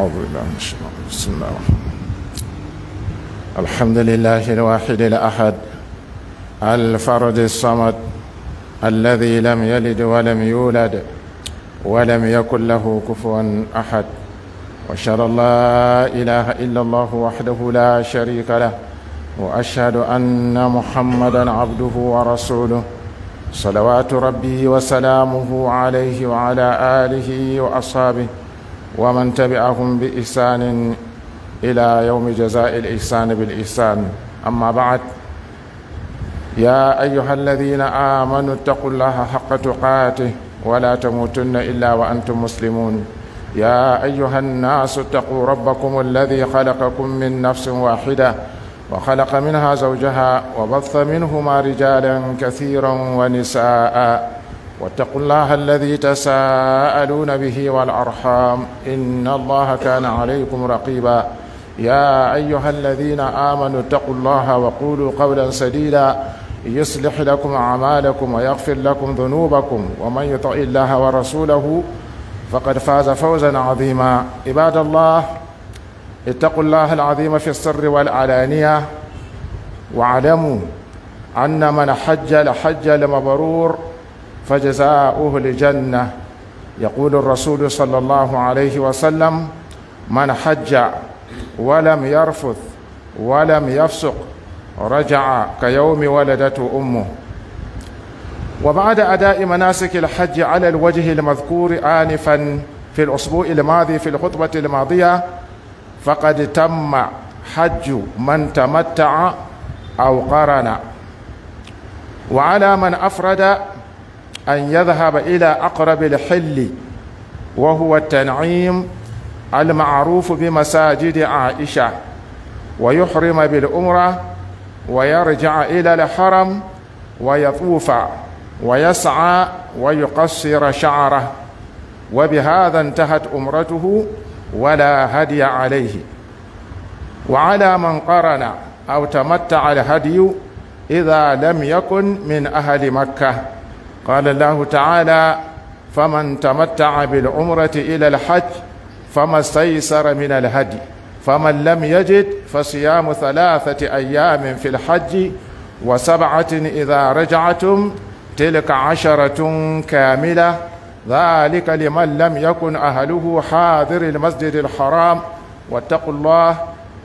أعوذ بالله من الشيطان بسم الله الرحمن الرحيم الحمد لله الواحد الأحد الفرد الصمد الذي لم يلد ولم يولد ولم يكن له كفوا أحد وأشهد أن لا إله إلا الله وحده لا شريك له وأشهد أن محمدا عبده ورسوله صلوات ربي وسلامه عليه وعلى آله وأصحابه ومن تبعهم بإحسان إلى يوم جزاء الإحسان بالإحسان أما بعد يا أيها الذين آمنوا اتقوا الله حق تقاته ولا تموتن إلا وأنتم مسلمون يا أيها الناس اتقوا ربكم الذي خلقكم من نفس واحدة وخلق منها زوجها وبث منهما رجالا كثيرا ونساء واتقوا الله الذي تساءلون به والارحام ان الله كان عليكم رقيبا يا ايها الذين امنوا اتقوا الله وقولوا قولا سديدا يصلح لكم اعمالكم ويغفر لكم ذنوبكم ومن يطع الله ورسوله فقد فاز فوزا عظيما عباد الله اتقوا الله العظيم في السر والعلانيه واعلموا ان من حج لحج لمبرور فجزاؤه الجنة يقول الرسول صلى الله عليه وسلم من حج ولم يرفث ولم يفسق رجع كيوم ولدته أمه وبعد أداء مناسك الحج على الوجه المذكور آنفا في الأسبوع الماضي في الخطبة الماضية فقد تم حج من تمتع أو قرن وعلى من أفرد أن يذهب إلى أقرب الحل وهو التنعيم المعروف بمساجد عائشة ويحرم بالأمرة ويرجع إلى الحرم ويطوف ويسعى ويقصر شعره وبهذا انتهت أمرته ولا هدي عليه وعلى من قرن أو تمتع الهدي إذا لم يكن من أهل مكة قال الله تعالى فمن تمتع بالعمرة إلى الحج فما استيسر من الهدي فمن لم يجد فصيام ثلاثة أيام في الحج وسبعة إذا رجعتم تلك عشرة كاملة ذلك لمن لم يكن أهله حاضر المسجد الحرام واتقوا الله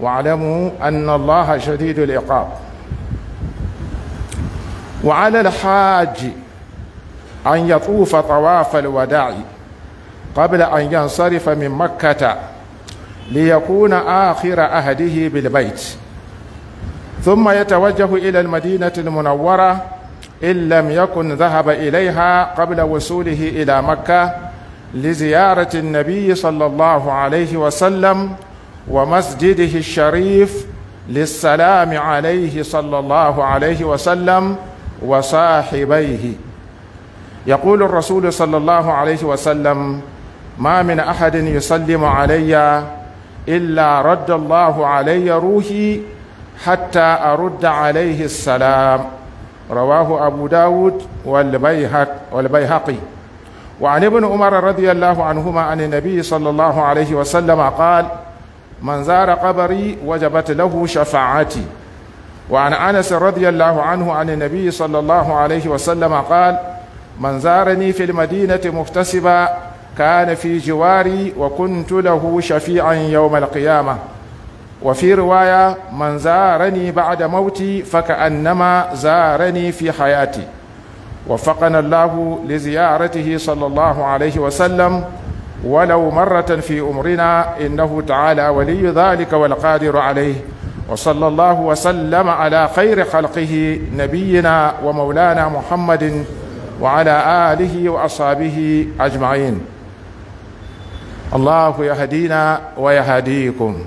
واعلموا أن الله شديد العقاب وعلى الحاج أن يطوف طواف الوداع قبل أن ينصرف من مكة ليكون آخر أهده بالبيت ثم يتوجه إلى المدينة المنورة إن لم يكن ذهب إليها قبل وصوله إلى مكة لزيارة النبي صلى الله عليه وسلم ومسجده الشريف للسلام عليه صلى الله عليه وسلم وصاحبيه يقول الرسول صلى الله عليه وسلم ما من أحد يسلم علي إلا رد الله علي روحي حتى أرد عليه السلام رواه أبو داود والبيهق والبيهقي وعن ابن عمر رضي الله عنهما عن النبي صلى الله عليه وسلم قال من زار قبري وجبت له شفاعتي وعن أنس رضي الله عنه عن النبي صلى الله عليه وسلم قال من زارني في المدينة مكتسبا كان في جواري وكنت له شفيعا يوم القيامة وفي رواية من زارني بعد موتي فكأنما زارني في حياتي وفقنا الله لزيارته صلى الله عليه وسلم ولو مرة في أمرنا إنه تعالى ولي ذلك والقادر عليه وصلى الله وسلم على خير خلقه نبينا ومولانا محمد وعلى آله وأصحابه أجمعين الله يهدينا ويهديكم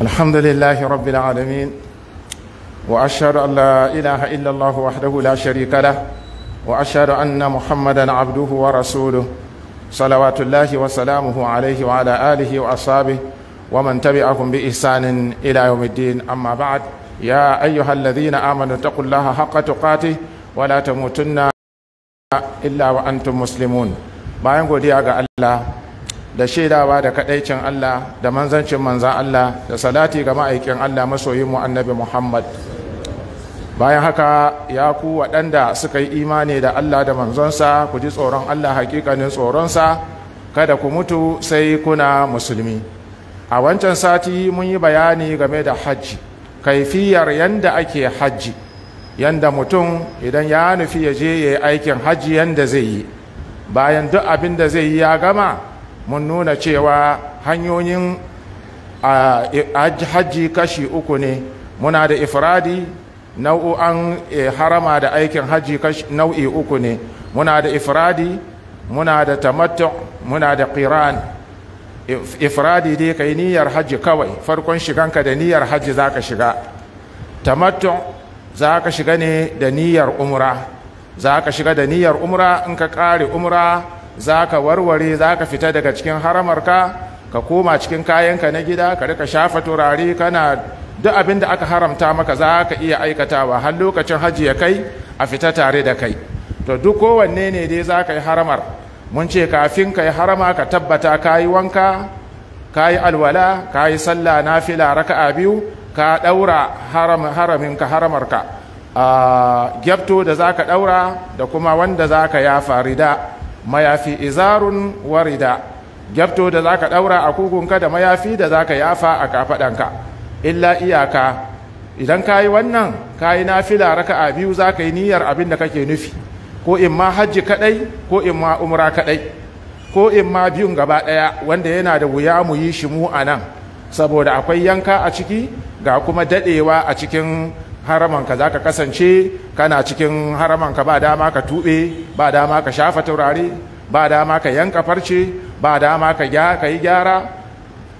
الحمد لله رب العالمين وأشهد أن لا إله إلا الله وحده لا شريك له وأشهد أن محمدا عبده ورسوله صلوات الله وسلامه عليه وعلى آله وأصحابه ومن تبعهم بإحسان إلى يوم الدين أما بعد يا أيها الذين آمنوا اتقوا الله حق تقاته ولا تموتن إلا وأنتم مسلمون bayan godiya ga Allah da shaidawa da kadaicin Allah da manzancin manzan Allah da salati ga ma'aikin Allah masoyin mu annabi Muhammad bayan haka ya ku waɗanda suka yi imani da Allah da manzonsa ku ji tsoron Allah hakikanin tsoronsa kada ku mutu sai kuna musulmi a wancan sati mun yi bayani game da hajji kaifiyar yanda ake hajji yanda mutum idan ya nufi ya je ya yi aikin hajji yanda zai yi bayan duk abin da zai yi ya gama mun nuna cewa hanyoyin hajji kashi uku ne muna da ifradi nau'an eh, harama da aikin hajji nau'i uku ne muna da ifradi muna da tamattu muna da qiran ifradi dai kai niyyar hajji kawai farkon shiganka da niyyar hajji ka shiga tamattu ka shiga ne da niyyar umra ka shiga da niyyar umra in ka kare umra za ka warware za ka fita daga cikin haramarka ka koma cikin kayanka na gida ka rika shafa turare kana duk abin da aka haramta maka za ka iya aikatawa har lokacin hajji ya kai a fita tare da kai to duk kowanne ne dai za ka yi haramar mun ce kafin ka yi harama ka tabbata ka yi wanka ka yi alwala ka yi sallah na fila raka'a biyu ka ɗaura haraminka haramarka a ah, gyabto da za ka ɗaura da kuma wanda za ka ya farida mayafi izarun warida gyabto da zaka ɗaura a kugunka da mayafi da zaka yafa a kafadanka illa iyaka idan kayi wannan kayi nafila a biyu zaka yi niyyar abin da kake nufi ko in ma hajji kaɗai, ko in ma umra kaɗai, ko in ma biyun gaba ɗaya, wanda yana da wuya mu yi shi mu a nan. saboda akwai yanka a ciki ga kuma daɗewa a cikin haramanka za ka kasance kana cikin haramanka ba dama ka tuɓe ba dama ka shafa taurari ba dama ka yanka farce ba dama ka yi gyara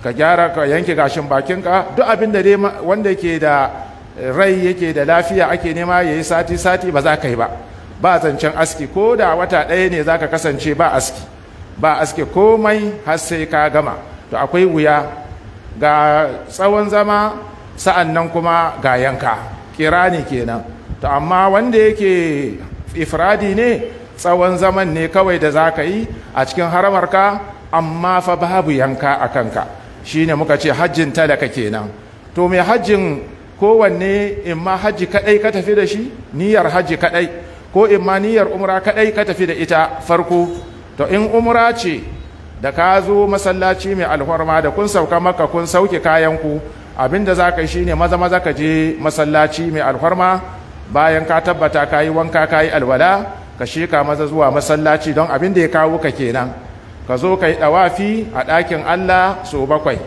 ka gyara ka yanke gashin bakinka duk abin da wanda ke da rai yake da lafiya ake nema ya yi sati-sati ba za ka yi ba ba zancen aski ko da wata ɗaya ne za ka kasance ba aski ba aski komai har sai ka gama to akwai wuya ga tsawon zama sa'an nan kuma ga yanka kirani kenan to amma wanda yake ifradi ne tsawon zaman ne kawai da za ka yi a cikin haramarka amma fa babu yanka a kanka shine muka ce hajjin talaka kenan to mai hajjin kowanne in ma hajji kadai ka tafi da shi niyyar hajji kadai ko in ma niyyar umra kadai ka tafi da ita farko to in umra ce da ka zo masallaci mai alhorma da kun sauka maka kun sauke kayanku abinda za ka yi shine maza maza ka je masallaci mai alfarma bayan ka tabbata ka yi wanka ka yi alwala ka sheka maza zuwa masallaci don abin da ya kawo ka kenan ka zo ka yi ɗawafi a ɗakin allah so bakwai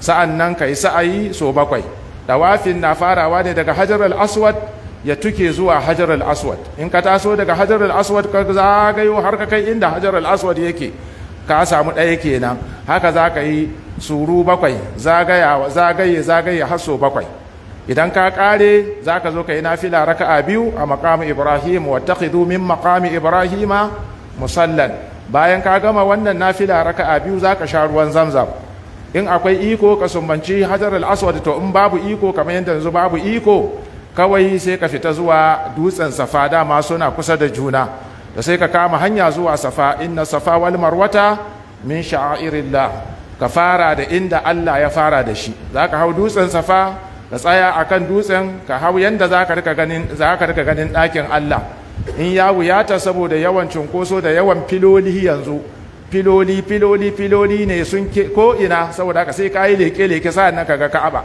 sa'an nan ka yi sa'ayi so bakwai ɗawafin na farawa ne daga hajar al'aswad aswad ya tuke zuwa hajar al'aswad aswad in ka taso daga hajar al'aswad aswad ka zagayo har ka kai inda hajar al'aswad aswad yake ka samu ɗaya kenan haka za ka yi suru bakwai zagaye zagaye haso bakwai idan ka kare za ka zo ka yi nafila raka'a biyu a makamu ibrahim wattakhidhu min maqami ibrahima musallan bayan ka gama wannan nafila raka'a biyu za ka sha ruwan zamzam in akwai iko ka sumbanci hajar al-aswad to in babu iko kamar yadda yanzu babu iko kawai sai ka fita zuwa dutsen safa dama suna kusa da juna da sai ka kama hanya zuwa safa inna safa wal marwata min sha'airillah ka fara da inda Allah ya fara da shi za ka hau dutsen safa ka tsaya a kan dutsen ka hau yadda za ka rika ganin ɗakin Allah in ya wuyata saboda yawan cunkoso da yawan filoli yanzu filoli filoli filoli ne sun ko ina saboda haka sai ka yi leke-leke sa'an nan ka ga ka'aba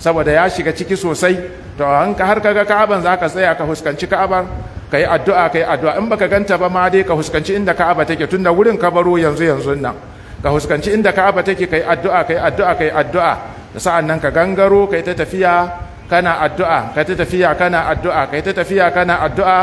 saboda ya shiga ciki sosai to ka har ka ga ka'aban za ka tsaya ka fuskanci ka'abar ka yi addu'a ka yi addu'a in baka ganta ba ma dai ka fuskanci inda ka'aba take tunda wurin kabaro baro yanzu yanzu nan ka huskanci inda ka'aba take kai addu'a kai addu'a kai addu'a da sa'an nan ka gangaro kai ta tafiya kana addu'a kai ta tafiya kana addu'a kai ta tafiya kana addu'a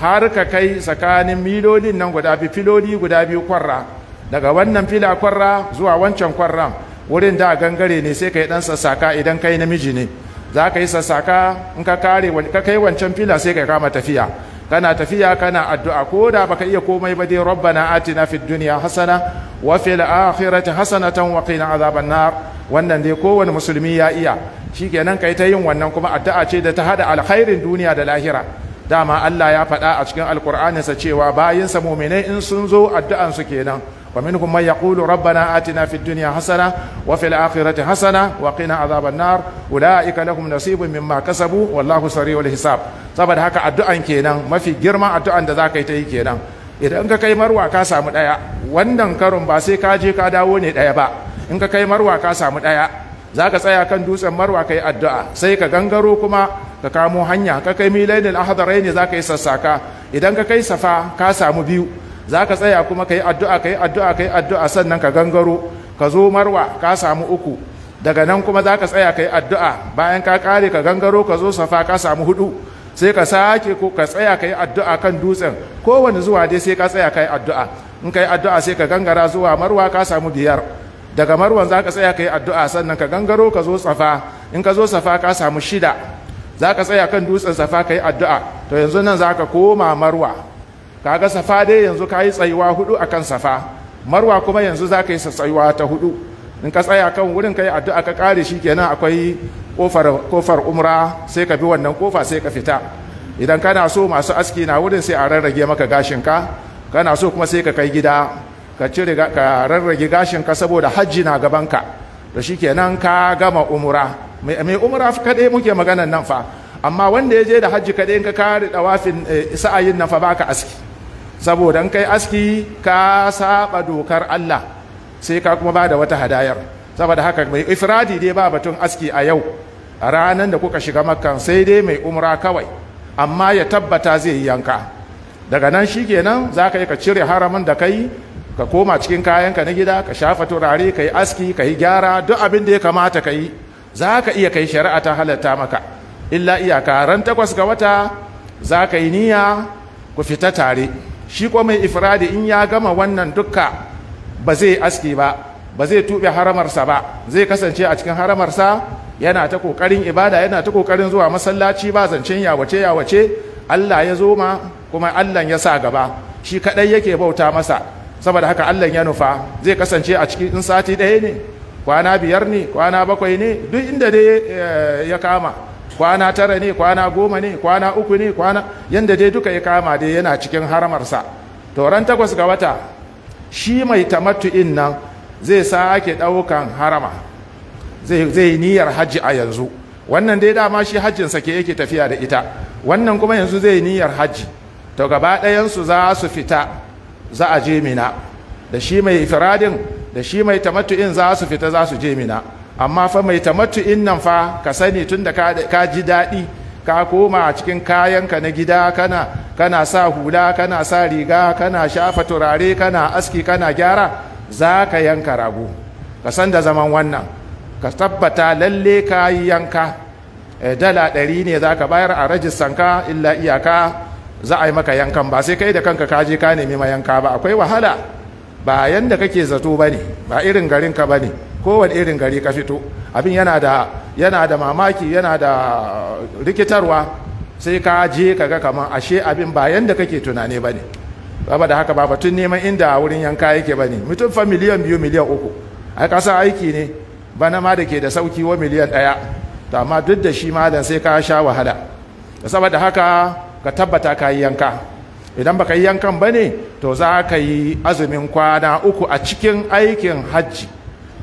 har ka kai tsakanin milolin nan guda biyu filoli guda biyu kwarra daga wannan fila kwarra zuwa wancan kwarran wurin da gangare ne sai kai dan sassaka idan kai namiji ne za ka yi sassaka in ka kare ka kai wancan fila sai ka kama tafiya kana tafiya kana addu'a ko da baka iya komai ba dai rabbana atina fid dunya hasana wa fil akhirati hasanatan wa qina azaban nar wannan dai kowane musulmi ya iya shikenan kai ta yin wannan kuma addu'a ce da ta hada alkhairin duniya da lahira dama Allah ya faɗa a cikin alkur'aninsa cewa bayinsa muminai in sun zo addu'ansu kenan ومنهم من يقول ربنا آتنا في الدنيا حسنة وفي الآخرة حسنة وقنا عذاب النار أولئك لهم نصيب مما كسبوا والله سريع الحساب saboda haka addu'an kenan mafi girma addu'an da za ka yi ta yi kenan idan ka kai marwa ka samu ɗaya wannan karon ba sai ka je ka dawo ne ɗaya ba in ka kai marwa ka samu ɗaya za ka tsaya kan dutsen marwa ka yi addu'a sai ka gangaro kuma ka kamo hanya ka kai milainil ahadarai ne za ka yi sassaka idan ka kai safa ka samu biyu za ka tsaya kuma ka yi addu'a ka yi addu'a ka yi addu'a sannan ka gangaro ka zo marwa ka samu uku daga nan kuma za ka tsaya ka yi addu'a bayan ka kare ka gangaro ka zo safa ka samu hudu sai ka sake ko ka tsaya ka yi addu'a kan dutsen kowane zuwa dai sai ka tsaya ka yi addu'a in ka yi addu'a sai ka gangara zuwa marwa ka samu biyar daga marwan za ka tsaya ka yi addu'a sannan ka gangaro ka zo safa in ka zo safa ka samu shida za ka tsaya kan dutsen safa ka yi addu'a to yanzu nan za ka koma marwa kaga safa dai yanzu ka yi tsayuwa hudu akan safa marwa kuma yanzu za ka yi tsayuwa ta hudu in ka tsaya kan wurin ka yi addu'a ka kare shi kenan akwai kofar umra sai ka bi wannan kofa sai ka fita idan kana so masu aski na wurin sai a rarrage maka gashinka kana so kuma sai ka kai gida ka cire ka rarrage gashinka saboda hajji na ka. da shi kenan ka gama umra mai umra kaɗai muke maganar nan fa amma wanda ya je da hajji kaɗai in ka kare dawafin eh, sa'ayin nan fa baka aski saboda an kai aski ka saba dokar Allah sai ka kuma ba da wata hadayar saboda haka mai ifradi dai ba batun aski a yau a ranar da kuka shiga maka sai dai mai umra kawai amma ya tabbata zai yi yanka daga nan shi nan za ka yi ka cire haramin da kai ka koma cikin kayanka na gida ka shafa turare ka yi aski ka yi gyara duk abin da ya kamata ka yi za ka iya kai shari'a ta halatta maka illa iyaka ran takwas ga wata za ka yi niyya ku fita tare shi kuma mai ifradi in ya gama wannan dukka ba zai aski ba ba zai tuɓe haramarsa ba zai kasance a cikin haramarsa yana ta kokarin ibada yana ta kokarin zuwa masallaci ba zancen yawace yawace Allah ya zo ma kuma Allah ya sa gaba shi kaɗai yake bauta masa saboda haka Allah ya nufa zai kasance a cikin in sati ɗaya ne kwana biyar ne kwana bakwai ne duk inda dai eh, ya kama kwana tara ne kwana goma ne kwana uku ne kwana yadda dai duka ya kama dai yana cikin haramarsa to ran takwas ga wata shi mai tamattu'in nan zai sake ɗaukan harama zai yi niyyar hajji a yanzu wannan dai dama shi hajjinsa ke yake tafiya da ita wannan kuma yanzu zai niyyar hajji to gaba ɗayansu za su fita za a je mina da shi mai firadin da shi mai tamattu'in za su fita za su je mina amma fa mai in nan fa ka sani tun da ka ji daɗi ka koma a cikin kayanka na gida kana kana sa hula kana sa riga kana shafa turare kana aski kana gyara za ka yanka rago ka san da zaman wannan ka tabbata lalle ka yi yanka eh, dala ɗari ne za ka bayar a rajistan ka illa iyaka za a yi maka yankan ba sai kai da kanka ka je ka nemi yanka ba akwai wahala ba yanda kake zato ba ne ba irin garinka ba ne kowane irin gari ka fito abin yana da yana da mamaki yana da rikitarwa sai ka je ka ga kamar ashe abin ba yanda kake tunani ba ne ba da haka ba batun neman inda wurin yanka yake ba ne mutum fa miliyan biyu miliyan uku a kasa aiki ne bana ma da ke da sauki wa miliyan ɗaya to amma duk da shi malam sai ka sha wahala saboda haka ka tabbata ka yi yanka idan baka yi yankan ba ne to za ka yi azumin kwana uku a cikin aikin hajji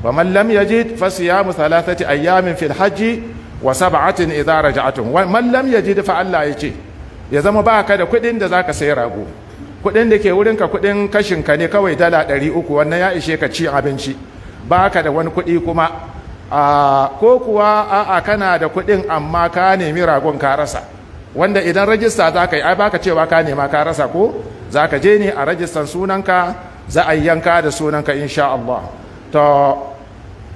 wa man lam yajid fa siyamu ayyamin fil hajji wa saba'atin idza raja'tum wa man lam ji dafa Allah ce ya zama baka da kuɗin da ka sayi rago kuɗin da ke wurinka kuɗin kashinka ne kawai dala ɗari uku wannan ya ishe ka ci abinci ka da wani kuɗi kuma ko kuwa a'a kana da kuɗin amma ka nemi ragon ka rasa wanda idan rajista za ka yi ai baka cewa ka nema ka rasa ko za ka je ne a rajistan sunanka za a yi yanka da sunanka insha Allah to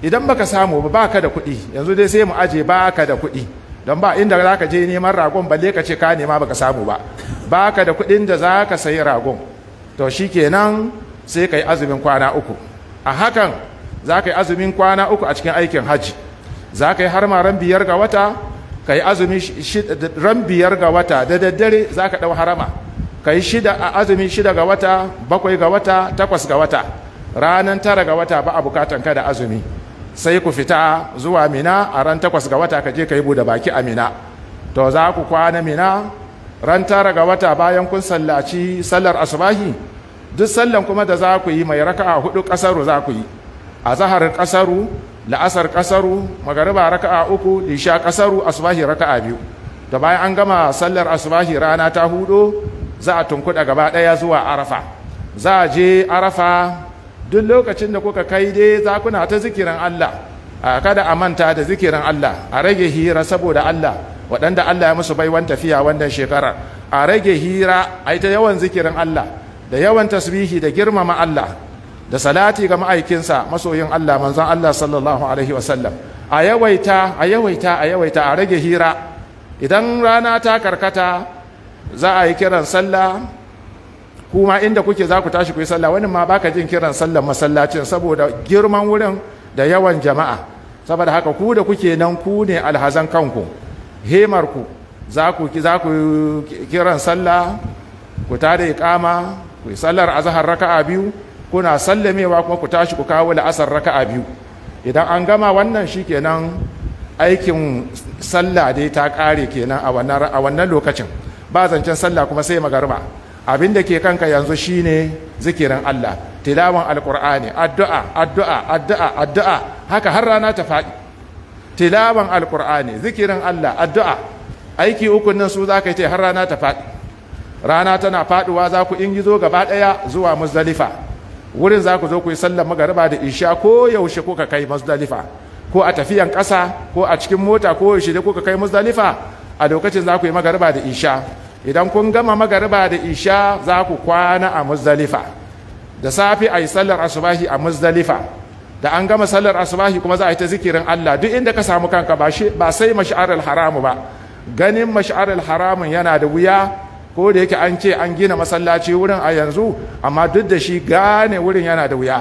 idan baka samu ba ka da kuɗi yanzu dai sai mu aje ba ka da kuɗi don ba inda za ka je neman ragon balle ka ce ka nema baka samu ba ba ka da kuɗin da za ka sayi ragon to shi kenan sai ka yi azumin kwana uku a hakan za ka yi azumin kwana uku a cikin aikin hajji za ka yi har ma ran biyar ga wata ka yi azumin ran biyar ga wata da daddare za ka ɗau harama ka yi shida a azumin shida ga wata bakwai ga wata takwas ga wata ranan tara ga wata ba a bukatan ka da azumi sai ku fita zuwa mina a ran takwas ga wata ka je ka yi buɗe baki a mina to za ku kwana mina ran tara ga wata bayan kun sallaci sallar asubahi duk sallan kuma da za ku yi mai raka'a hudu kasaru za ku yi a zahar kasaru la'asar kasaru magariba raka'a uku lisha kasaru asubahi raka'a biyu da bayan an gama sallar asubahi rana ta hudu za a tunkuɗa gaba ɗaya zuwa arafa za a je arafa duk lokacin da kuka kai dai zakuna ta zikirin Allah kada a manta da zikirin Allah a rage hira saboda Allah waɗanda Allah ya musu baiwan tafiya wannan shekarar a rage hira a ta yawan zikirin Allah da yawan tasbihi da girmama Allah da salati ga ma'aikinsa masoyin Allah manzon Allah sallallahu alaihi wasallam a yawaita a yawaita a yawaita a rage hira idan rana ta karkata za a yi kiran sallah kuma inda kuke za ku tashi ku yi sallah wani ma baka jin kiran sallar masallacin saboda girman wurin da yawan jama'a saboda haka ku da kuke nan ku ne alhazan kanku himar ku za ku za ku kiran sallah ku tada iqama ku yi sallar azhar raka'a biyu kuna sallamewa kuma ku tashi ku kawo asar raka'a biyu idan an gama wannan shikenan aikin sallah dai ta kare kenan a wannan a wannan lokacin ba zancen sallah kuma sai magarba abin da ke kanka yanzu shine zikirin Allah tilawan alkur'ani addu'a addu'a addu'a addu'a haka har rana ta faɗi tilawan alkur'ani zikirin Allah addu'a aiki uku nan su za ka yi har rana ta faɗi rana tana faɗuwa za ku ingizo gaba ɗaya zuwa muzdalifa wurin za ku zo ku yi sallar magariba da isha ko yaushe kuka kai muzdalifa ko a tafiyan ƙasa ko a cikin mota ko yaushe ko kuka kai muzdalifa a lokacin za ku yi magariba da isha idan kun gama magariba da isha za ku kwana a muzdalifa da safi a yi sallar asubahi a muzdalifa da an gama sallar asubahi kuma za a yi ta zikirin Allah duk inda ka samu kanka ba sai mash'arul haramu ba ganin mash'arul haramun yana da wuya ko da yake an ce an gina masallaci wurin a yanzu amma duk da shi gane wurin yana da wuya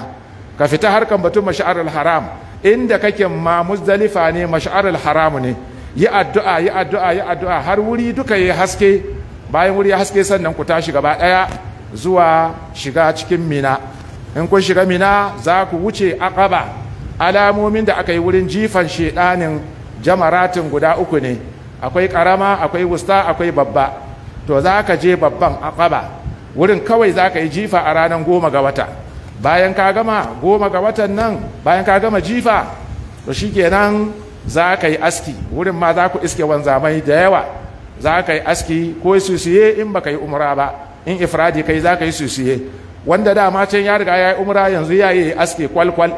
ka fita harkan batun mash'arul haram inda kake ma muzdalifa ne mash'arul haramu ne yi addu'a yi addu'a yi addu'a har wuri duka yi haske bayan wuri haske sannan ku tashi gaba daya zuwa shiga cikin mina in kun shiga mina za ku wuce aqaba alamomin da aka yi wurin jifan shedanin jamaratin guda uku ne akwai karama akwai wusta akwai babba to za ka je babban aqaba wurin kawai za ka yi jifa a ranar goma ga wata bayan ka gama goma ga watan nan bayan ka gama jifa to shikenan za ka yi aski wurin ma za ku iske wanzamai da yawa za ka yi aski ko susiye in baka yi umra ba in ifradi kai za ka yi susiye wanda dama can ya riga ya yi umra yanzu ya yi aski kwalkwal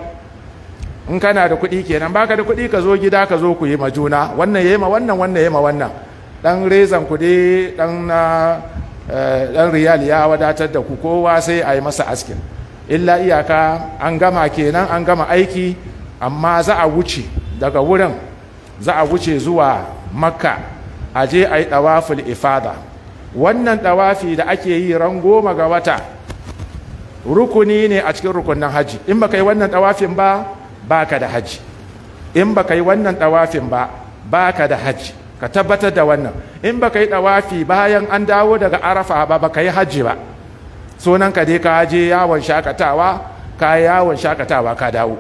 in kana da kuɗi kenan baka da kuɗi ka zo gida ka zo ku yi ma juna wannan ya yi ma wannan wannan ya yi ma wannan dan rezan ku dai eh, dan riyal ya wadatar da ku kowa sai a yi masa askin illa iyaka an gama kenan an gama aiki amma za a wuce daga wurin za a wuce zuwa makka a je a yi ɗawaful ifada wannan ɗawafi da ake yi ran goma ga wata rukuni ne a cikin rukunin haji in ba ka yi wannan ɗawafin ba ka da haji in ba ka yi wannan ɗawafin ba ka da haji ka tabbatar da wannan in ba ka yi ɗawafi bayan an dawo daga arafa ba ka yi haji ba sunan ka dai ka je yawon shakatawa ka yawon shakatawa ka dawo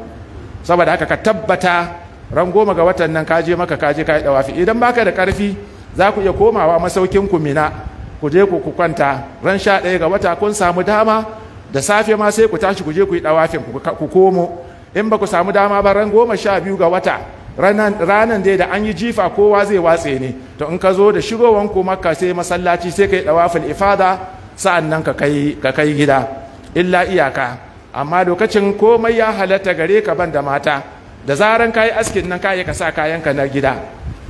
saboda haka ka tabbata ran goma ga watan nan ka je maka ka je ka yi ɗawafi idan ba ka da ƙarfi za ku iya komawa masaukin ku mina ku je ku kwanta ran sha ɗaya ga wata kun samu dama da safe ma sai ku tashi ku je ku yi ɗawafin ku komo in ba ku samu dama ba ran goma sha biyu ga wata ranan dai da an yi jifa kowa zai watse ne to in ka zo da shigowan ku makka sai masallaci sai ka yi ɗawafin ifada sa'an nan ka kai gida illa iyaka amma lokacin komai ya halatta gare ka ban da mata da zaran ka yi askin nan ka yi ka sa kayanka na gida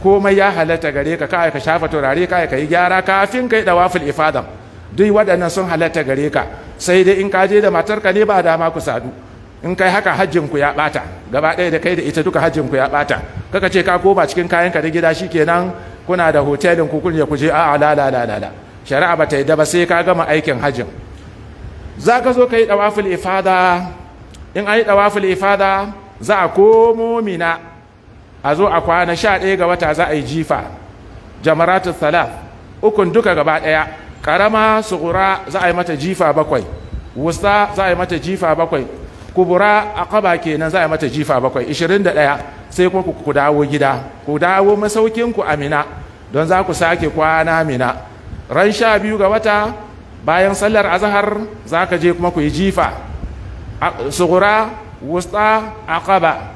komai ya halatta gare ka kai ka shafa turare kai ka yi gyara kafin kai dawaful ifada duk waɗannan sun halatta gare ka sai dai in ka je da matar ka ne ba dama ku sadu in kai haka hajjin ku ya bata gaba ɗaya da kai da ita duka hajjin ku ya bata kaka ce ka koma cikin kayan ka da gida shikenan kuna da hotelin ku kun ku je a'a la la la la shari'a ba ta yi ba sai ka gama aikin hajjin za ka zo ka yi dawaful ifada in an yi dawaful ifada za a komo mina a zo a kwana sha ɗaya ga wata za a yi jifa jamaratu salaf ukun duka gaba ɗaya ƙarama suƙura za a yi mata jifa bakwai wusa za a yi mata jifa bakwai kubura a ƙaba kenan za a yi mata jifa bakwai ishirin da ɗaya sai kuma ku dawo gida ku dawo masaukinku Minna don za ku sake kwana mina ran sha biyu ga wata bayan sallar azahar za ka je kuma ku yi jifa suƙura a ƙaba.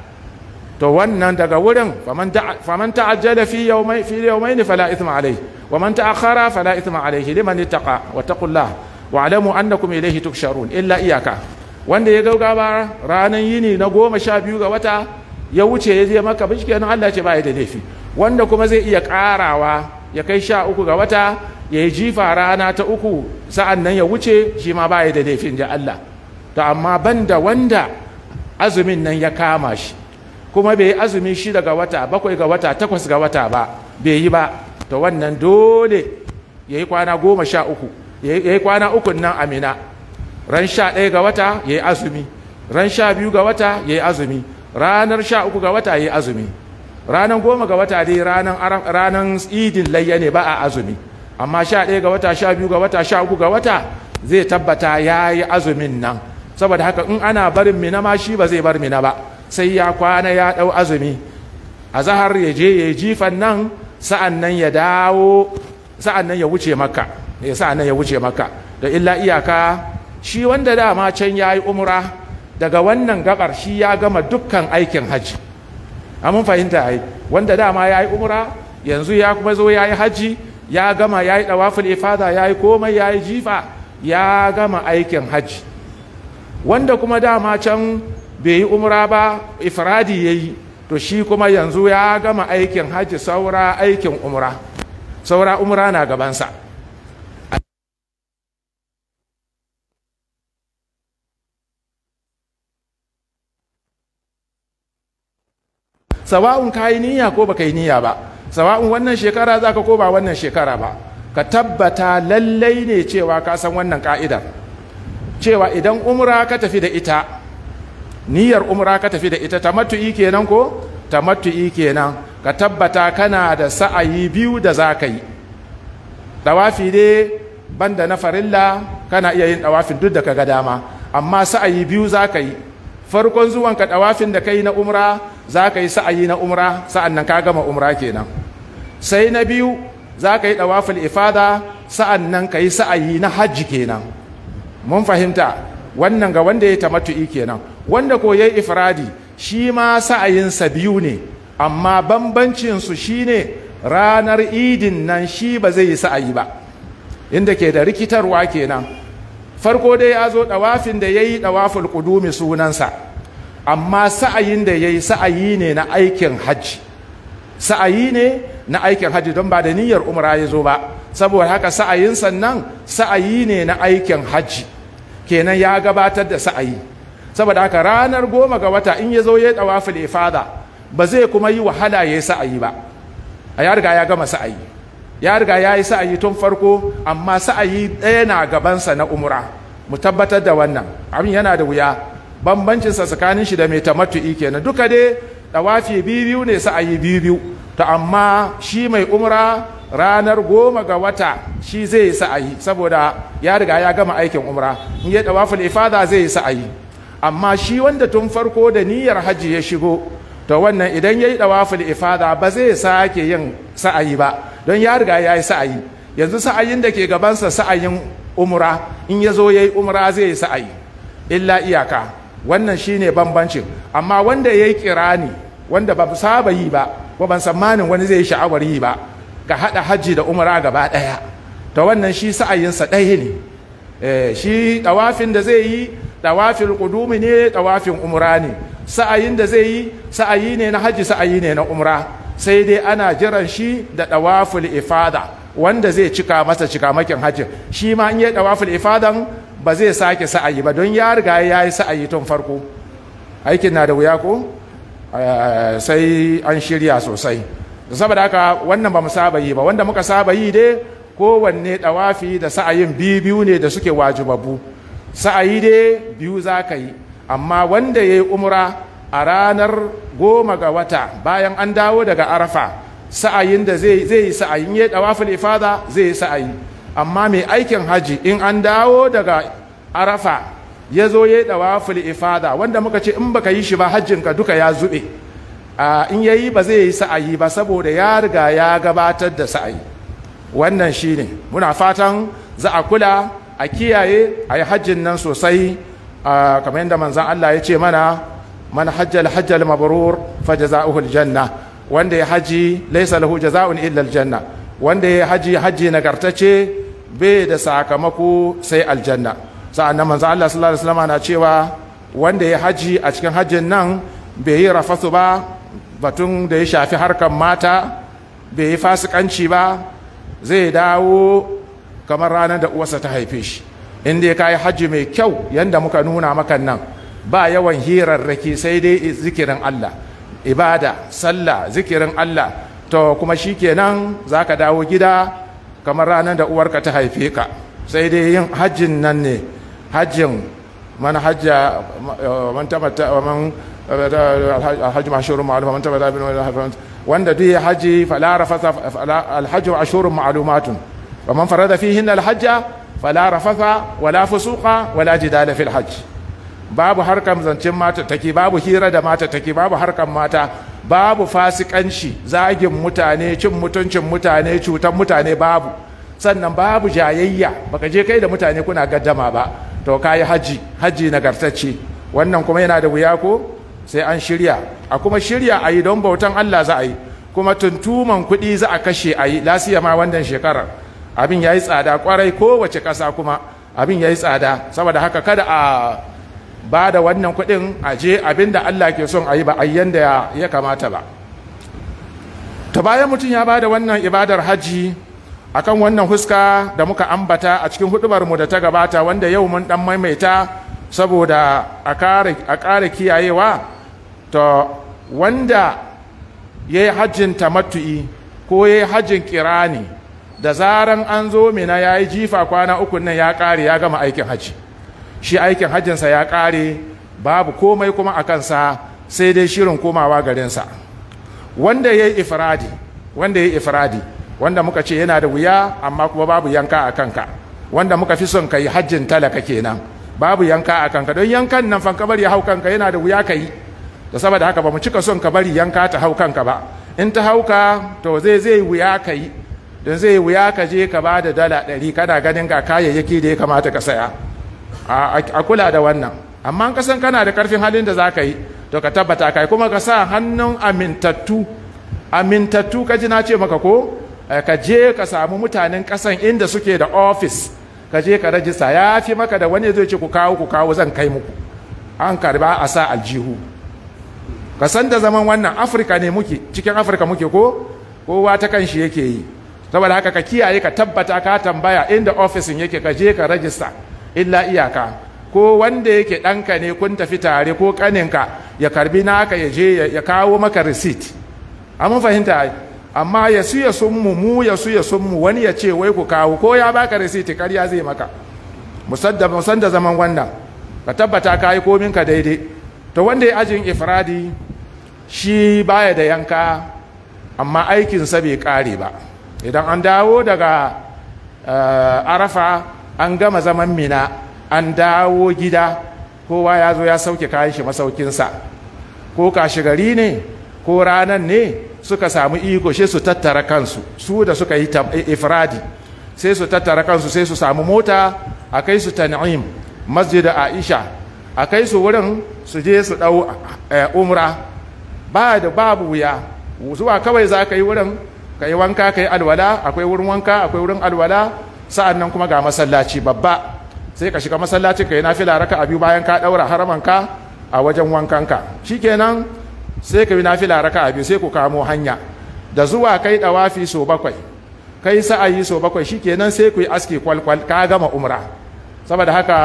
to wannan daga wurin faman ta'ajjala fi yawmai fi yawmaini fala ithma alayhi wa man ta'akhara fala ithma alayhi liman ittaqa wa taqullah wa alamu annakum ilayhi tukshurun illa iyaka wanda ya gaugawa ranan yini na goma sha biyu ga wata ya wuce ya je maka bishkenan Allah ce ba da laifi wanda kuma zai iya karawa ya kai sha uku ga wata ya yi jifa rana ta uku sa'an nan ya wuce shi ma baya da laifin da Allah to amma banda wanda azumin nan ya kama shi kuma bai yi azumi shida ga wata bakwai ga wata takwas ga wata ba bai yi ba to wannan dole ya yi kwana goma sha uku ya yi kwana ukun nan amina ran sha ɗaya ga wata ya yi azumi ran sha biyu ga wata ya yi azumi ranar sha uku ga wata ya yi azumi ranar goma ga wata dai ranar idin layya ne ba a azumi amma sha ɗaya ga wata sha biyu ga wata sha uku ga wata zai tabbata ya yi azumin nan saboda haka in ana barin mina ma shi ba zai bar mina ba sai ya kwana ya ɗau azumi a zahar ya je ya jifan nan sa'an nan ya dawo sa'an ya wuce maka ya eh, sa'an ya wuce maka da illa iyaka shi wanda dama can ya yi umra daga wannan gabar shi ya gama dukkan aikin hajji a mun fahimta ai wanda dama ya yi umra yanzu ya kuma zo ya yi hajji ya gama ya yi ɗawafin ifada ya yi komai ya yi jifa ya gama aikin hajji wanda kuma dama can bai yi umra ba ifradi ya yi to shi kuma yanzu ya gama aikin hajji saura aikin umra saura umra na gabansa sawa'un ka yi niyya ko baka yi niyya ba sawa'un wannan shekara za ka ko ba wannan shekara ba ka tabbata lallai ne cewa ka san wannan ka'idar cewa idan umra ka tafi da ita niyyar umra ka tafi da ita tamattu'i kenan ko tamattu'i kenan ka tabbata kana da sa'ayi biyu da za ka yi ɗawafi dai banda na farilla kana iya yin ɗawafin duk da ka dama amma sa'ayi biyu za ka yi farkon zuwan ka ɗawafin da ka na umra za ka yi sa'ayi na umra sa'an nan ka gama umra kenan sai na biyu za ka yi ɗawafin ifada sa'an nan ka yi sa'ayi na hajji kenan mun fahimta wannan ga wanda ya tamattu'i kenan wanda ko yayi ifradi shi ma sa'ayinsa biyu ne amma bambancin su shine ranar idin nan shi ba zai yi sa'ayi ba inda ke da rikitarwa kenan farko dai ya zo dawafin da yayi dawaful qudumi sunansa amma sa'ayin da yayi sa'ayi ne na aikin hajji sa'ayi ne na aikin hajji don ba da niyyar umra ya zo ba saboda haka sa'ayin sannan sa'ayi ne na aikin hajji kenan ya gabatar da sa'ayi saboda haka ranar goma ga wata in ya zo ya tawaful fada ba zai kuma yi wahala ya yi sa'ayi ba a ya riga ya gama sa'ayi ya riga ya yi sa'ayi tun farko amma sa'ayi ɗaya na gabansa na umura mu tabbatar da wannan abin yana da wuya bambancinsa tsakanin shi da mai tamattu'i kenan duka dai ɗawafi biyu biyu ne sa'ayi biyu biyu to amma shi mai umra ranar goma ga wata shi zai yi sa'ayi saboda ya riga ya gama aikin umra in ya ɗawaful ifada zai yi sa'ayi amma shi wanda tun farko da niyyar hajji ya shigo to wannan idan ya yi ɗawafin ifada ba zai sake yin sa'ayi ba don ya riga ya yi sa'ayi yanzu sa'ayin da ke gabansa sa'ayin umra in ya zo ya yi umra zai yi sa'ayi illa iyaka wannan shi ne bambancin amma wanda ya yi kirani wanda ba saba yi ba ko ban tsammanin wani zai sha'awar yi ba ga haɗa hajji da umra gaba ɗaya to wannan shi sa'ayinsa ɗaya ne eh, shi ɗawafin da zai yi tawafin kudumi ne tawafin umra ne sa'ayin da zai yi sa'ayi ne na haji sa'ayi ne na umra sai dai ana jiran shi da dawaful ifada wanda zai cika masa cikamakin hajjin shi ma in yi dawaful ifadan ba zai sake sa'ayi ba don ya riga ya yi sa'ayi tun farko aikin na da wuya ko eh, sai an shirya sosai saboda haka wannan ba mu saba yi ba wanda muka saba yi dai kowanne ɗawafi da sa'ayin biyu ne da suke wajibabu sa'ayi dai biyu za ka yi amma wanda ya yi umura a ranar goma ga wata bayan an dawo daga arafa sa'ayin da zai yi sa'ayin ya ɗawafin ifada zai yi sa'ayi amma mai aikin haji in an dawo daga arafa ya zo ya dawa ifada wanda muka ce in baka yi shi ba hajjinka duka ya zube in ya yi ba zai yi sa'ayi ba saboda ya riga ya gabatar da sa'ayi wannan shi ne muna fatan za a kula a kiyaye a yi hajjin nan sosai kamar yadda manzan Allah ya ce mana man hajjal hajjal mabrur fa jaza'uhul janna wanda ya haji laysa lahu jaza'un illa aljanna wanda ya haji haji nagartace bai da sakamako sai aljanna sa'annan manzan Allah sallallahu alaihi wasallam na cewa wanda ya haji a cikin hajjin nan bai yi rafasu ba batun da ya shafi harkan mata bai yi fasikanci ba zai dawo kamar ranar da uwarsa ta haife shi in dai ka yi hajji mai kyau yadda muka nuna maka nan ba yawan hirarraki sai dai zikirin Allah ibada sallah zikirin Allah to kuma shi nan, za ka dawo gida kamar ranar da uwarka ta haife ka sai dai yin hajjin nan ne hajjin man hajja man tabbata man alhajju ma'ashurun man wanda duk ya haji fala rafasa alhajju wa man farada fihinna alhajja fala rafatha wala fusuqa wala jidala fil hajj babu harkan zancen mata take babu hira da mata take babu harkan mata babu fasikanci zagin mutane cin mutuncin mutane cutan mutane babu sannan babu jayayya baka je kai da mutane kuna gaddama ba to kayi haji haji nagartacce wannan kuma yana da wuya ko sai an shirya a kuma shirya a yi don bautan Allah za a yi kuma tuntuman kuɗi za a kashe a yi lasiya ma wannan shekarar abin ya yi tsada kwarai kowace ƙasa kuma abin ya yi tsada saboda haka kada a ba da wannan kuɗin a je abin da Allah ke son a yi ba a yanda ya kamata ba ta bayan mutum ya ba da wannan ibadar hajji akan wannan huska da muka ambata a cikin hudubarmu da ta gabata wanda yau mun dan maimaita saboda a ƙara kiyayewa ta wanda ya yi hajjin tamattu'i ko ya yi hajjin kirani da zaran an zo mina ya yi jifa kwana uku nan ya ƙare ya gama aikin hajji shi aikin hajjinsa ya ƙare babu komai kuma a kansa sai dai shirin komawa garinsa wanda ya yi ifiradi wanda ya yi ifiradi wanda muka ce yana da wuya amma kuma babu yanka a kanka wanda muka fi son ka yi hajjin talaka kenan babu yanka a kanka don yankan nan fanka bari ya hau kanka yana da wuya ka yi da saboda haka ba mu cika son ka bari yanka ta hau kanka ba in ta hauka to zai zai wuya ka yi don zai wuya ka je ka ba da dala ɗari kana ganin ga kayayyaki da ya kamata ka saya a kula da wannan amma ka san kana da karfin halin da za ka yi to ka tabbata kai kuma ka sa hannun amintattu amintattu ka ji na ce maka ko eh, ka je ka samu mutanen kasan inda suke da ofis ka je ka rajista ya fi maka da wani zai ce ku kawo ku kawo zan kai muku an karba a sa aljihu ka san da zaman wannan afirka ne muke cikin afirka muke ko kowa ta kan shi yake yi saboda haka ka kiyaye ka tabbata ka tambaya inda ofisin yake ka je ka rajista illa iyaka ko wanda yake ɗanka ne kun tafi tare ko ƙaninka ya karbi naka ya je ya kawo maka receipt mun fahimta amma ya su ya sun mu mu ya su ya sun mu wani ya ce wai ku kawo ko ya baka receipt karya zai maka musan da zaman wannan ka tabbata ka yi komin ka daidai to wanda ya ajin ifradi shi baya da yanka amma aikinsa bai kare ba idan an dawo daga eh, arafa an gama zaman mina an dawo gida kowa ya zo ya sauke kayan shi masaukinsa ko shigari ne ko ranan ne suka samu iko sai su tattara kansu su da suka yi ifradi sai su tattara kansu sai su samu mota a kai su tan'im masjid aisha a kai su wurin su je su dau eh, umra ba da babu wuya zuwa kawai za ka yi wurin ka yi wanka ka yi alwala akwai wurin wanka akwai wurin alwala sa'an nan kuma ga masallaci babba sai ka shiga masallaci ka yi na fila raka abu bayan ka ɗaura haramanka a wajen wankanka kenan sai ka yi na fila raka a biyu sai ku kamo hanya da zuwa kai ɗawafi so bakwai kai sa'ayi so bakwai Shi kenan sai ku yi aski kwalkwal ka gama umra saboda haka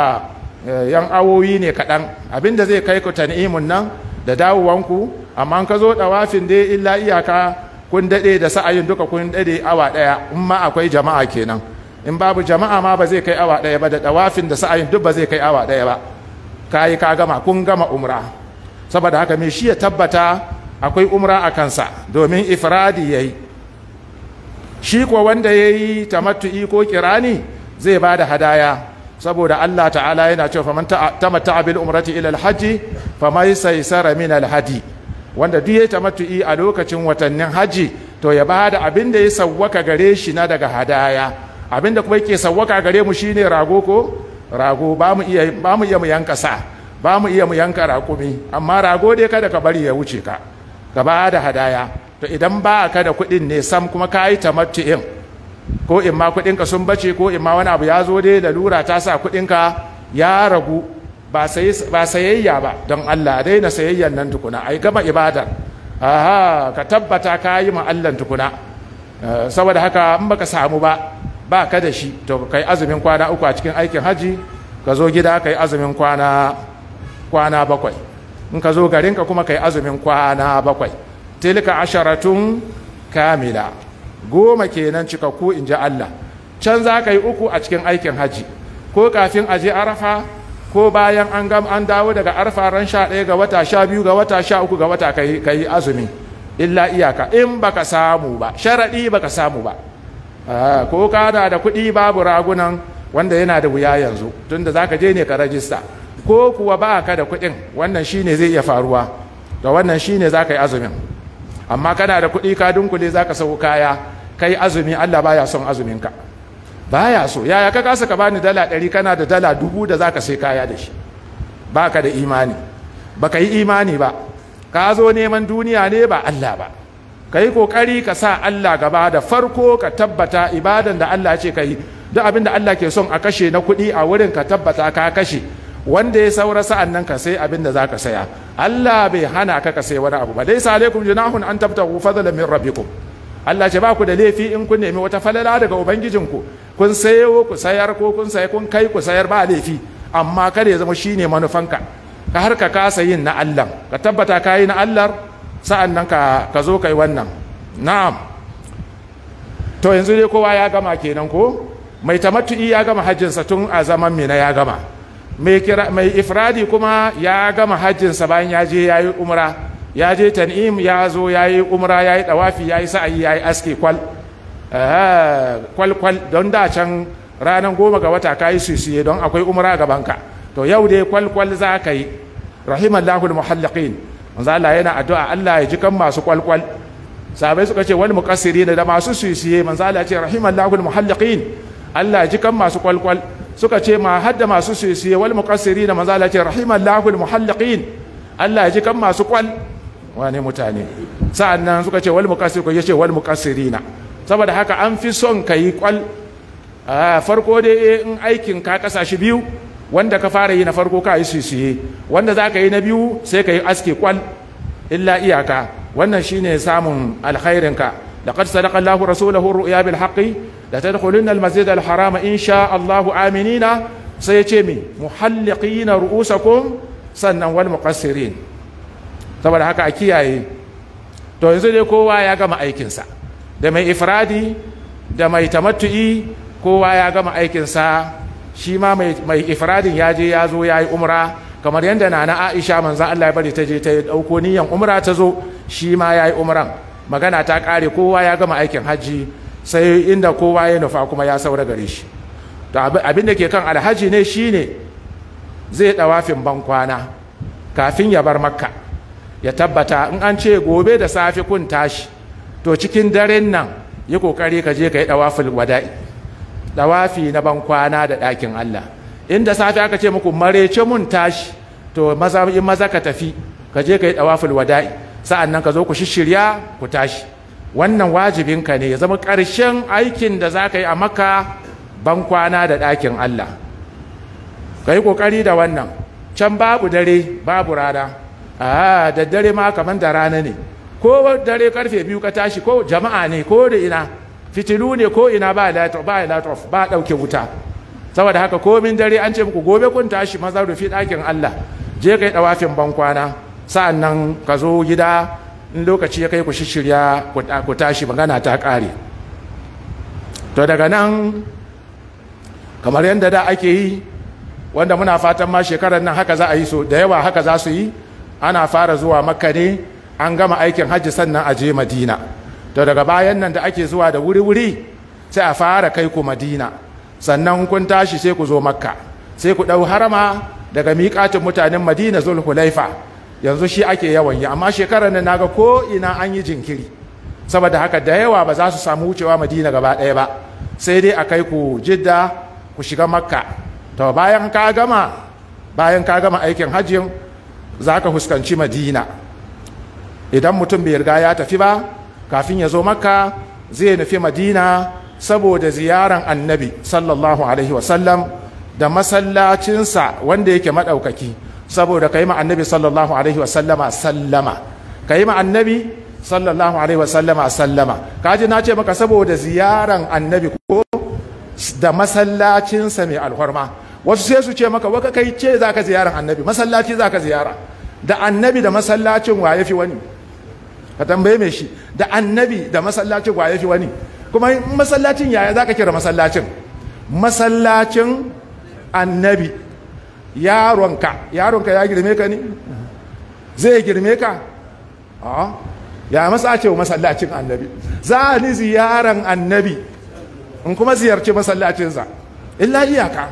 eh, yan awowi ne kaɗan abinda zai kai ku tan'imun nan da dawowanku amma ka zo ɗawafin dai illa iyaka kun dade da sa'ayin duka kun dade awa ɗaya, in ma akwai jama'a kenan in babu jama'a ma ba zai kai awa ɗaya ba da dawafin da sa'ayin duk ba zai kai awa daya ba kayi ka gama kun gama umra saboda haka me shi ya tabbata akwai umra a kansa domin ifradi yayi shi ko wanda yayi tamattu'i ko kirani zai bada hadaya saboda Allah ta'ala yana cewa faman tamatta'a bil umrati ila al-hajji yasara min al-hadi wanda duk ya tamattu'i a lokacin watannin haji to ya ba da abin da ya sawwaka gare shi na daga hadaya abin da kuma yake sawwaka gare mu shine rago ko rago ba mu iya mu iya mu yanka sa ba mu iya mu yanka raƙumi amma rago dai kada ka bari ya wuce ka ka ba da hadaya to idan ba ka da kuɗin ne sam kuma ka yi tamattu'in ko in ma kuɗinka sun bace ko in ma wani abu ya zo dai da lura ta sa kuɗinka ya ragu ba sayayya ba don Allah daina sayayyan nan tukuna ai gama ibadar aha ka tabbata ka yi ma Allah tukuna eh, saboda haka in baka samu ba ba ka da shi to kai azumin kwana uku a cikin aikin haji ka zo gida ka azumin kwana kwana bakwai in ka zo garinka kuma kai azumin kwana bakwai tilka asharatun kamila goma kenan cika cikakku in ji Allah can za ka yi uku a cikin aikin haji ko kafin aje arafa ko bayan an gam an dawo daga arfaran sha ɗaya ga wata sha biyu ga wata sha uku ga wata ka yi azumi illa iyaka in baka samu ba sharaɗi baka samu ba ah, ko kana da kuɗi babu ragunan wanda yana da wuya yanzu tunda zaka je ne ka rajista ko kuwa ba ka da kuɗin wannan shine zai iya faruwa da wannan shine za ka yi azumin amma kana da kuɗi ka dunkule za ka sau kaya ka yi azumi allah baya son azuminka baya so yaya ka kasa ka bani dala ɗari kana da dala dubu da za ka sai kaya da shi ba ka da imani ba ka yi imani ba ka zo neman duniya ne ba Allah ba ka yi ƙoƙari ka sa Allah gaba da farko ka tabbata ibadan da Allah ce ka yi duk abin da Allah ke son a kashe na kuɗi a wurin ka tabbata ka kashe wanda ya saura sa'an nan ka sai abin da za ka saya Allah bai hana ka ka sai wani abu ba dai sa alaikum junahun an tabtahu fadala min rabbikum Allah ce ba ku da laifi in kun nemi wata falala daga ubangijinku kun sayo ku sayar ko kun sayi kun kai ku sayar ba laifi amma kada ya zama shine manufanka ka har ka kasa yin na Allah ka tabbata ka yi na Allah sa'an nan ka zo kai wannan na'am to yanzu dai kowa ya gama kenan ko mai tamattu'i ya gama hajjinsa tun a zaman mina ya gama mai ifradi kuma ya gama hajjinsa bayan ya je ya yi umra ya je tan'im ya zo ya yi umra ya yi ɗawafi ya yi sa'ayi ya yi aske kwal kwalkwal eh, don da can ranar goma ga wata ka yi sisiye don akwai umra gabanka to yau dai kwalkwal za ka yi rahimallahu almuhallaqin manzo Allah yana addu'a Allah ya ji kan masu kwalkwal Sabai suka ce wal mukassiri da masu sisiye manzala Allah ya ce rahimallahu almuhallaqin Allah ya ji kan masu kwalkwal suka ce ma hadda masu sisiye wal muqassirin manzo Allah ya ce rahimallahu almuhallaqin Allah ya ji kan masu kwal Wani mutane sa'annan suka ce wal muqassir ko ya ce wal muqassirina saboda haka an fi son ka yi kwal farko dai eh, in aikin ka kasa shi biyu wanda ka fara yi na farko ka yi sisiye wanda za ka yi na biyu sai ka yi aske kwal illa iyaka wannan shine samun alkhairinka laqad sadaqa Allahu rasulahu ru'ya bil haqqi la tadkhulunna al masjid al harama insha Allahu aminina sai ya ce mi muhalliqina ru'usakum sannan wal muqassirin saboda haka a kiyaye to yanzu dai kowa ya gama aikinsa da mai ifradi da mai tamattu'i kowa ya gama aikinsa shi ma mai ifradin ya je ya zo ya yi umra kamar yadda na na aisha manzan allah ya bari ta je ta yi ɗauko niyan umra ta zo shi ma ya yi umran magana ta ƙare kowa ya gama aikin hajji sai inda kowa ya nufa kuma ya saura gare shi to abin da ke kan alhaji ne shi ne zai ɗawafin bankwana kafin ya bar makka ya tabbata in an ce gobe da safe kun tashi to cikin daren nan yi kokari ka je ka yi dawafin wada'i dawafi na ban kwana da ɗakin Allah inda safe aka ce muku marece mun tashi to maza in maza ka tafi ka je ka yi dawafin wada'i sa'an nan ka zo ku shishirya ku tashi wannan wajibin ka ne ya zama ƙarshen aikin da za ka yi a maka ban kwana da ɗakin Allah ka yi ƙoƙari da wannan can babu dare babu rana a daddare ma kamar da rana ne ko dare karfe biyu ka tashi ko jama'a ne ko da ina fitilu ne ko ina ba light ba light off ba dauke wuta saboda haka komin dare an ce muku gobe kun tashi maza rufi ɗakin Allah je kai dawafin bankwana sa'an nan ka zo gida in lokaci ya kai ku shirya ku tashi magana ta ƙare to daga nan kamar yadda da ake yi wanda muna fatan ma shekarar nan haka za a yi so da yawa haka za su yi ana fara zuwa makka ne an gama aikin hajji sannan a je madina to daga bayan nan da ake zuwa da wuri-wuri sai a fara kai ku madina sannan kun tashi sai ku zo makka sai ku ɗau harama daga miƙatin mutanen madina zulhulaifa yanzu shi ake yawan yi amma shekarar nan naga ko ina an yi jinkiri saboda haka da yawa ba za su samu wucewa madina gaba ɗaya ba sai dai a kai ku jidda ku shiga makka to bayan ka gama bayan ka gama aikin hajjin za ka fuskanci madina idan mutum bai riga ya tafi ba kafin ya zo makka zai nufi madina saboda ziyaran annabi sallallahu alaihi wasallam da masallacinsa wanda yake maɗaukaki saboda ka yi ma annabi sallallahu alaihi wasallama sallama ka yi ma annabi sallallahu alaihi wasallama sallama kaji na ce maka saboda ziyaran annabi ko da masallacinsa mai alhorma wasu sai su ce maka waka kai ce za ka ziyaran annabi masallaci za ka ziyara da annabi da masallacin wa ya fi wani ka tambaye mai shi da annabi da masallaci wa yafi wani kuma masallacin yaya za ka kira masallacin masallacin annabi yaronka yaronka ya girme ka ne zai girme ka ya masa ce wa masallacin annabi za ni ziyaran annabi in kuma ziyarci masallacinsa illa iyaka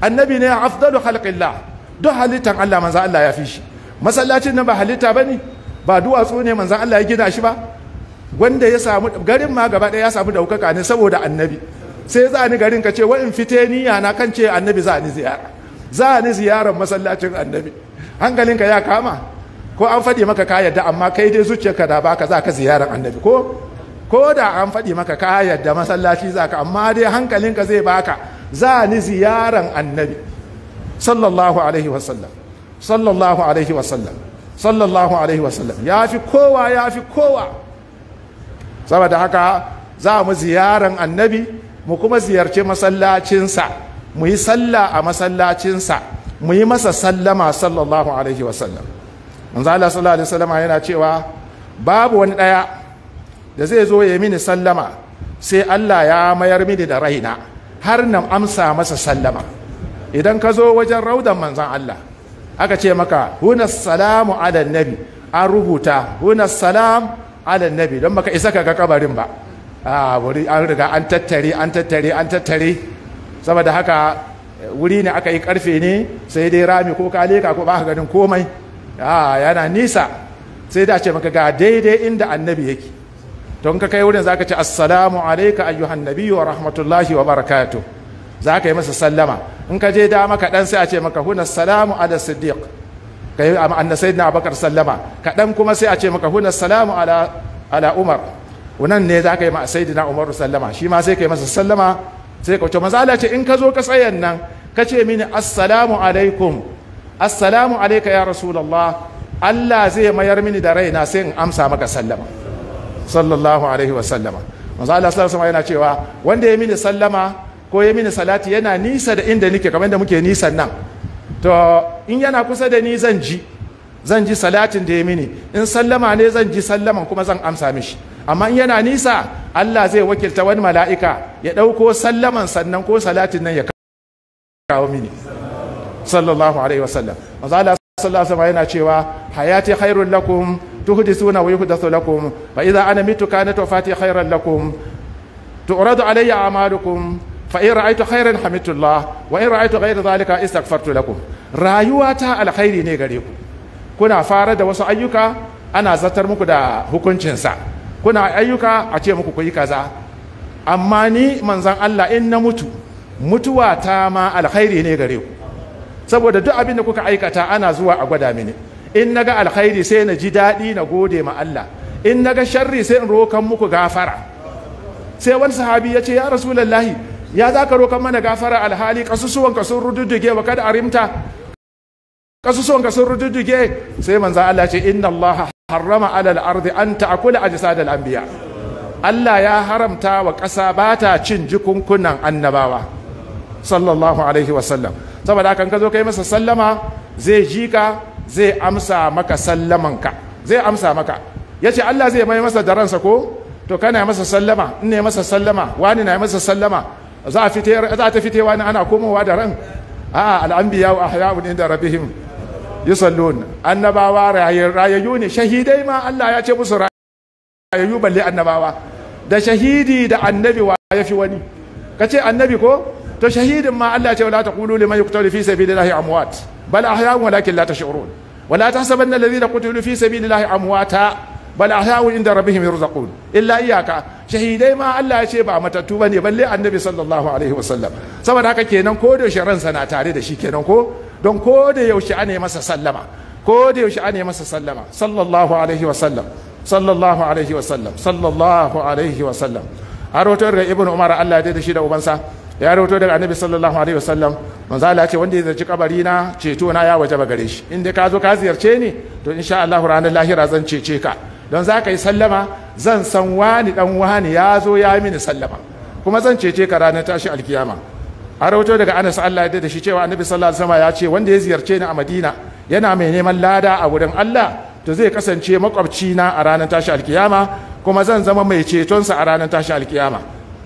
annabi ne afdalu khalqillah duk halittan Allah manzo Allah ya fi shi masallacin nan ba halitta ba bane ba duwatsu ne manzan Allah ya gina shi ba wanda ya samu garin ma gaba ɗaya ya samu daukaka ne saboda annabi sai za ni garin ka ce wa in fite niyya na kan ce annabi za ni ziyara za ni ziyarar masallacin annabi ka ya kama ko an faɗi maka ka yadda amma kai dai zuciyarka da baka za ka ziyarar annabi ko ko da an faɗi maka ka yadda masallaci za ka amma dai hankalin ka zai baka za ni ziyarar annabi sallallahu alaihi wasallam sallallahu alaihi wasallam sallallahu alaihi wasallam ya fi kowa ya fi kowa saboda haka za mu ziyaran annabi mu kuma ziyarci masallacinsa mu yi sallah a masallacinsa mu yi masa sallama sallallahu alaihi wasallam manzo sallallahu alaihi wasallam yana cewa babu wani daya da zai zo ya mini sallama sai Allah ya mayar mini da raina har nan amsa masa sallama idan ka zo wajen raudan manzon Allah aka ce maka huna salamu ala nabi an rubuta huna salam ala nabi don maka isa ka ga kabarin ba a wuri an riga an tattare an tattare an tattare saboda haka wuri ne aka yi karfe ne sai dai rami ko ka ko ba ganin komai a yana nisa sai da ce maka ga daidai inda annabi yake don ka kai wurin zaka ce assalamu alaika ayyuhan nabiyyu wa rahmatullahi wa barakatuh zaka yi masa sallama in ka je dama kaɗan sai a ce maka huna salamu ala siddiq ka yi anna na abakar sallama kaɗan kuma sai a ce maka huna salamu ala umar wannan ne za ka yi ma sayyidina umar sallama shi ma sai ka yi masa sallama sai ka wuce manzo ce in ka zo ka tsayan nan ka ce mini assalamu alaikum assalamu alayka ya rasulullah Allah zai mayar mini da raina sai in amsa maka sallama sallallahu alaihi wa sallama manzo Allah sallallahu alaihi wa sallama yana cewa wanda ya mini sallama ko ya mini salati yana nisa da inda nike kamar da muke nisan nan to in yana kusa da ni zan ji zan ji salatin da ya mini in sallama ne zan ji sallaman kuma zan amsa mishi amma in yana nisa Allah zai wakilta wani mala'ika ya ɗauko sallaman sannan ko salatin nan ya kawo mini sallallahu alaihi wasallam manzo Allah sallallahu alaihi yana cewa hayati khairul lakum tuhdisuna wa yuhdathu lakum fa idza ana mitu kanat wafati khairan lakum tu'radu alayya a'malukum fa in hamidullah wa in ra’aitu ghayra zalika istaghfartu lakum rayuwa ta alkhairi ne gare ku kuna fara da wasu ayyuka ana zartar muku da hukuncinsa kuna ayyuka a ce muku ku yi kaza amma ni manzan Allah in na mutu mutuwa ta ma alkhairi ne gare ku saboda duk abin da kuka aikata ana zuwa a gwada mini in naga alkhairi sai na ji daɗi na gode ma Allah in naga sharri sai in rokan muku gafara sai wani sahabi ya ce ya rasulallahi ya za ka roƙon mana gafara alhali ƙasusuwanka sun rududduge wa kada a rimta ƙasusuwanka sun rududduge sai manzo Allah ce inna Allah harrama alal ardi an ta'kula ajsadal anbiya Allah ya haramta wa ƙasa ba ta cin jikunkunan annabawa sallallahu alaihi wa sallam saboda kan ka zo kai masa sallama zai ji ka zai amsa maka sallamanka zai amsa maka yace Allah zai mai masa da ko to kana masa sallama in ne masa sallama wani na masa sallama za a fitar za ta fitewa ne ana komowa da ran a al'anbiya wa ahya'un inda rabbihim yusallun annabawa rayayyu ne shahidai ma Allah ya ce musu rayayyu balle annabawa da shahidi da annabi wa ya fi wani Ka ce annabi ko to shahidin ma Allah ya ce wala taqulu liman yuqtalu fi sabilillahi amwat bal ahya'un walakin la tash'urun wala tahsabanna alladhina qutilu fi sabilillahi amwata a ahyahu inda rabbihim yurzaqun illa iyaka shahidai ma Allah ya ce ba matattu bane balle annabi sallallahu alaihi wasallam saboda haka kenan ko da yaushe ransa na tare da shi kenan ko don ko da yaushe ana masa sallama ko da yaushe ana masa sallama sallallahu alaihi wasallam sallallahu alaihi wasallam sallallahu alaihi wasallam a rawatar daga ibn umar Allah ya da shi da ubansa ya rawato daga annabi sallallahu alaihi wasallam manzo Allah ce wanda ya zarci kabari na ceto na ya wajaba gare shi inda ka zo ka ziyarce ni to insha Allah ranar lahira zan cece ka don za ka yi sallama zan san wani dan wani ya zo ya yi mini sallama kuma zan cece ka ranar tashi alkiyama a rahoto daga anas allah ya da shi cewa annabi sallallahu alaihi wasallam ya ce wanda ya ziyarce ni a madina yana mai neman lada a wurin allah to zai kasance makwabci na a ranar tashi alkiyama kuma zan zama mai cetonsa a ranar tashi alkiyama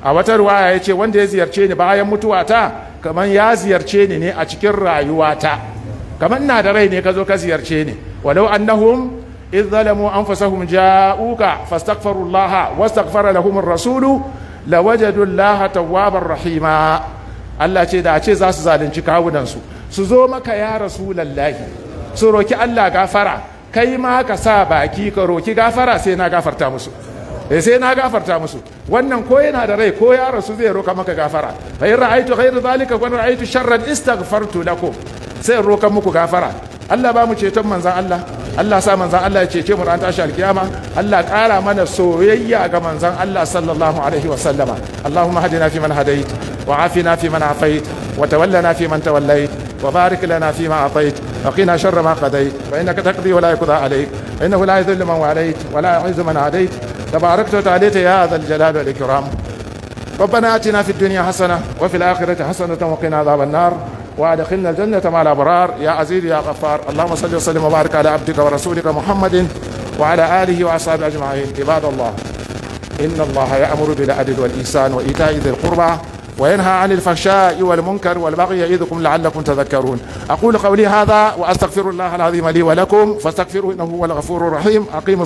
a wata ruwaya ya ce wanda ya ziyarce ni bayan mutuwata kamar ya ziyarce ni ne a cikin rayuwata kamar na da rai ne ka zo ka ziyarce ni walau annahum إذ ظلموا أنفسهم جاءوك فاستغفروا الله واستغفر لهم الرسول لوجدوا الله توابا رحيما Allah ce da a ce za su zalunci kawunansu su zo maka ya rasulallahi su roki Allah gafara kai ma ka sa baki ka roki gafara sai na gafarta musu sai na gafarta musu wannan ko yana da rai ko ya rasu zai roka maka gafara fa in ghayra wa sharran istaghfartu lakum sai roka muku gafara Allah ba mu ceton manzon Allah Allah sa manzan Allah ya cece mu ran tashi kiyama Allah kara mana soyayya ga manzan Allah sallallahu alaihi wa sallama Allahumma hadina fi man hadait wa afina fi man afait wa tawallana fi man tawallait wa barik lana fi ma atait wa qina sharra ma qadait fa innaka taqdi wa la yuqda alayk innahu la yadhillu man walayt wa la yu'izzu man adait tabarakta wa ta'alayta ya dhal jalali wal ikram ربنا اتنا في الدنيا حسنه وفي الاخره حسنه وقنا عذاب النار وادخلنا الجنة مع الأبرار يا عزيز يا غفار اللهم صل وسلم وبارك على عبدك ورسولك محمد وعلى آله وأصحابه أجمعين عباد الله إن الله يأمر بالعدل والإحسان وإيتاء ذي القربى وينهى عن الفحشاء والمنكر والبغي يعظكم لعلكم تذكرون أقول قولي هذا وأستغفر الله العظيم لي ولكم فاستغفروه إنه هو الغفور الرحيم أقيموا